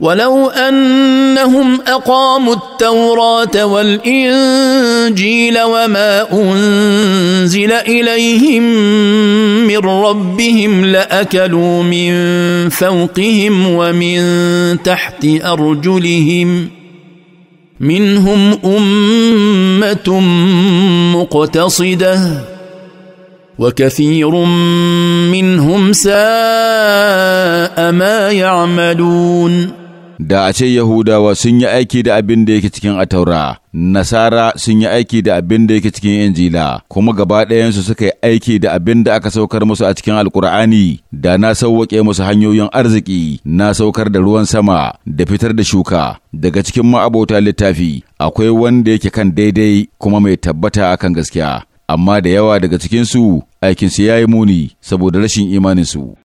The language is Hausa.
ولو انهم اقاموا التوراه والانجيل وما انزل اليهم من ربهم لاكلوا من فوقهم ومن تحت ارجلهم منهم امه مقتصده وكثير منهم ساء ما يعملون da a ce Yahudawa sun yi aiki da abin da yake cikin ataura, Nasara sun yi aiki da abin da yake cikin Injila, kuma gaba ɗayansu suka yi aiki da abin da aka saukar musu a cikin alkur'ani da na sauwaƙe musu hanyoyin arziki, na saukar da ruwan sama, da fitar da shuka, daga cikin ma'abota littafi, akwai wanda yake kan daidai kuma mai tabbata akan gaskiya. Amma da yawa daga cikinsu aikinsu ya yi muni saboda rashin imaninsu.